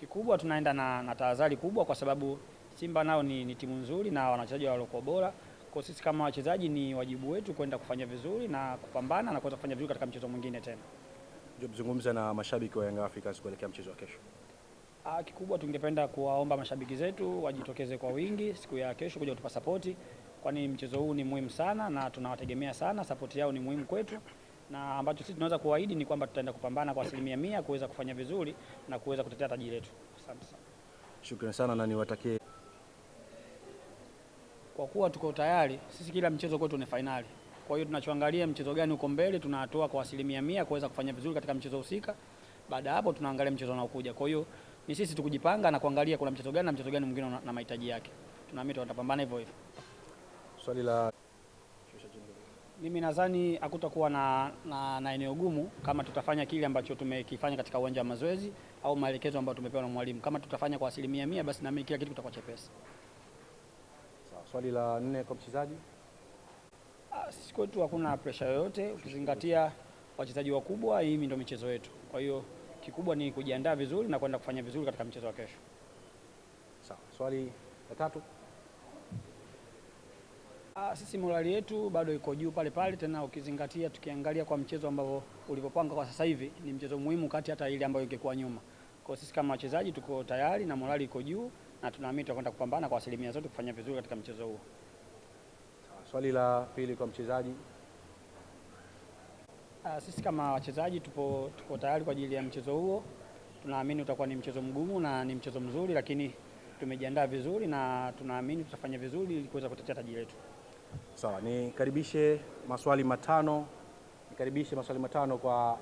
Kikubwa tunaenda na, na tahadhari kubwa kwa sababu Simba nao ni, ni timu nzuri na wanachezaji waliokuwa bora. Kwa sisi kama wachezaji ni wajibu wetu kwenda kufanya vizuri na kupambana na kuweza kufanya vizuri katika mchezo mwingine tena. Zungumza na mashabiki wa Young Africans kuelekea mchezo wa kesho. Ah, kikubwa tungependa kuwaomba mashabiki zetu wajitokeze kwa wingi siku ya kesho kuja kutupa sapoti, kwani mchezo huu ni muhimu sana na tunawategemea sana. Sapoti yao ni muhimu kwetu na ambacho sisi tunaweza kuahidi ni kwamba tutaenda kupambana kwa asilimia mia kuweza kufanya vizuri na kuweza kutetea taji letu. Asante sana. Shukrani sana na niwatakie kwa kuwa tuko tayari, sisi kila mchezo kwetu ni fainali. Kwa hiyo tunachoangalia mchezo gani uko mbele, tunatoa kwa asilimia mia kuweza kufanya vizuri katika mchezo husika. Baada hapo, tunaangalia mchezo unaokuja. Kwa hiyo ni sisi tukujipanga na kuangalia kuna mchezo gani na mchezo gani mwingine na mahitaji yake, tunaamini tutapambana hivyo hivyo. Swali la mimi nadhani hakutakuwa na, na, na eneo gumu kama tutafanya kile ambacho tumekifanya katika uwanja wa mazoezi au maelekezo ambayo tumepewa na mwalimu. Kama tutafanya kwa asilimia mia, basi naamini kila kitu kitakuwa chepesi. Sawa, swali la nne kwa mchezaji. Ah, sisi kwetu hakuna presha yoyote, ukizingatia wachezaji wakubwa, hii ndio michezo yetu. Kwa hiyo kikubwa ni kujiandaa vizuri na kwenda kufanya vizuri katika mchezo wa kesho. Sawa, swali la tatu. Ah, sisi morali yetu bado iko juu pale pale, tena ukizingatia, tukiangalia kwa mchezo ambao ulivyopanga kwa sasa hivi ni mchezo muhimu kati hata ile ambayo ingekuwa nyuma. Kwa sisi kama wachezaji tuko tayari na morali iko juu na tunaamini tutakwenda kupambana kwa asilimia zote kufanya vizuri katika mchezo huo. Swali la pili kwa mchezaji. Ah, sisi kama wachezaji tupo tuko tayari kwa ajili ya mchezo huo. Tunaamini utakuwa ni mchezo mgumu na ni mchezo mzuri, lakini tumejiandaa vizuri na tunaamini tutafanya vizuri ili kuweza kutetea taji letu. Sawa, nikaribishe maswali matano, nikaribishe maswali matano kwa